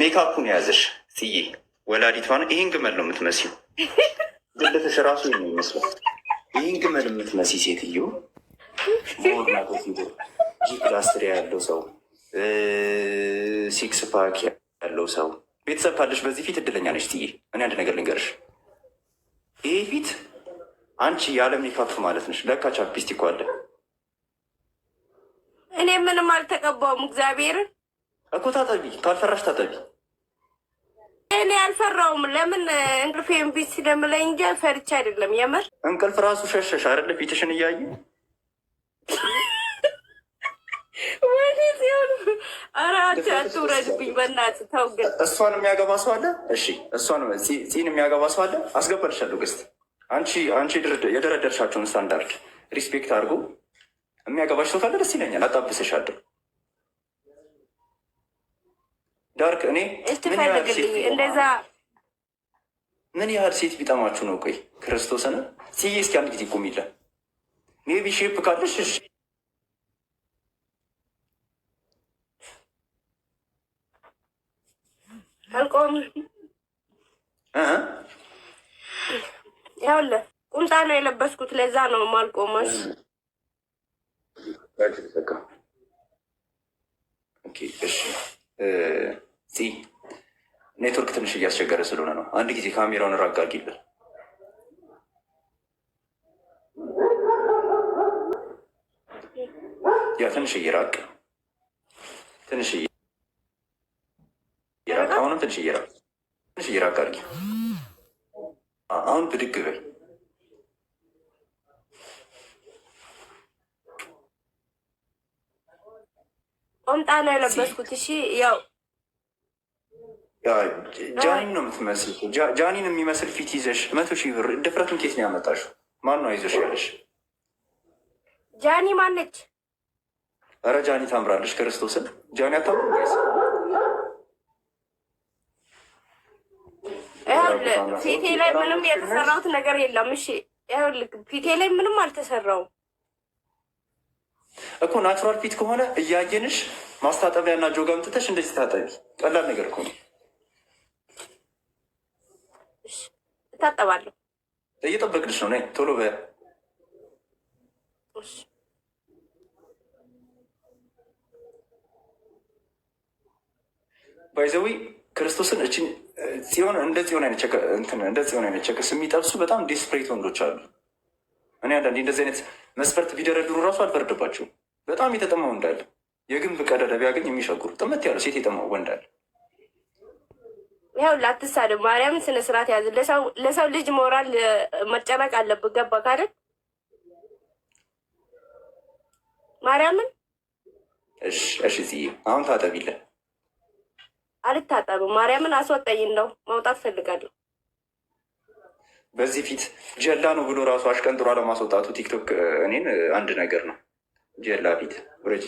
ሜካፑን የያዘሽ ትዬ ወላዲቷን ይህን ግመል ነው የምትመስለው። ግለተሽ ራሱ የሚመስለው። ይህን ግመል የምትመሲ ሴትዮ ጂፕላስትሪ ያለው ሰው ሲክስ ፓክ ያለው ሰው ቤተሰብ ካለሽ በዚህ ፊት እድለኛ ነች ትዬ። እኔ አንድ ነገር ልንገርሽ፣ ይህ ፊት አንቺ የአለም ሜካፕ ማለት ነሽ። ለካ ቻፕስቲክ አለ። እኔ ምንም አልተቀባውም እግዚአብሔርን እኮ ታጠቢ፣ ካልፈራሽ ታጠቢ። እኔ አልፈራውም። ለምን እንቅልፍ እምቢ ስለምለኝ እንጂ ፈርቻ አይደለም። የምር እንቅልፍ ራሱ ሸሸሽ አይደለ? ፊትሽን እያየ አትውረድብኝ፣ በእናትህ ተው። ግን እሷን የሚያገባ ሰው አለ። እሺ፣ እሷን ፂን የሚያገባ ሰው አለ። አስገበርሻለሁ። ግስት አንቺ አንቺ የደረደርሻቸውን ስታንዳርድ ሪስፔክት አድርጎ የሚያገባሽ ሰው ካለ ደስ ይለኛል። አጣብስሻለሁ ዳርክ እኔ ምን ያህል ሴት ቢጠማችሁ ነው? ቆይ ክርስቶስን ስዬ እስኪ አንድ ጊዜ ቁም ይላል። ሜቢ ሼፕ ካለሽ እሺ አልቆም ይኸውልህ፣ ቁምጣ ነው የለበስኩት። ለዛ ነው ማልቆመሽ ትንሽ እያስቸገረ ስለሆነ ነው። አንድ ጊዜ ካሜራውን ራቅ ያ ትንሽ እየራቅ ትንሽ እየራቅ አሁንም ትንሽ እየራቅ ትንሽ እየራቅ አድርጊ። አሁን ብድግ በይ። ቆምጣ ነው የለበስኩት። እሺ ያው ጃኒን ነው የምትመስል። ጃኒን የሚመስል ፊት ይዘሽ መቶ ሺህ ብር ድፍረቱን ኬት ነው ያመጣሽው? ማን ነው ይዘሽ ያለሽ? ጃኒ ማነች? ረ ጃኒ ታምራለች። ክርስቶስን ጃኒ አታምሩ። ፊቴ ላይ ምንም የተሰራሁት ነገር የለም። እሺ ይኸውልህ፣ ፊቴ ላይ ምንም አልተሰራውም እኮ ናቹራል ፊት ከሆነ እያየንሽ ማስታጠቢያና ጆጋ አምጥተሽ እንደዚህ ታጠቢ። ቀላል ነገር እኮ ነው። እታጠባለሁ። እየጠበቅልሽ ነው። ቶሎ በያ ባይዘዊ ክርስቶስን እችን ጽዮን እንደ ጽዮን አይነት ቸክስ የሚጠብሱ በጣም ዲስፕሬት ወንዶች አሉ። እኔ አንዳንዴ እንደዚህ አይነት መስፈርት ቢደረድሩ እራሱ አልፈርድባቸውም። በጣም የተጠማው እንዳለ የግንብ ቀዳዳ ቢያገኝ የሚሻጉሩ ጥመት ያለው ሴት የጠማው ወንድ አለ። ይኸው ላትሳደ ማርያምን ስነ ስርዓት ያዝ። ለሰው ልጅ ሞራል መጨረቅ አለብ ገባ ካደል ማርያምን እሺ። ጽዬ አሁን ታጠቢለን። አልታጠብም። ማርያምን አስወጣኝ፣ እንደው መውጣት ፈልጋለሁ። በዚህ ፊት ጀላ ነው ብሎ ራሱ አሽቀንጥሯ ለማስወጣቱ ቲክቶክ እኔን አንድ ነገር ነው። ጀላ ፊት ውረጅ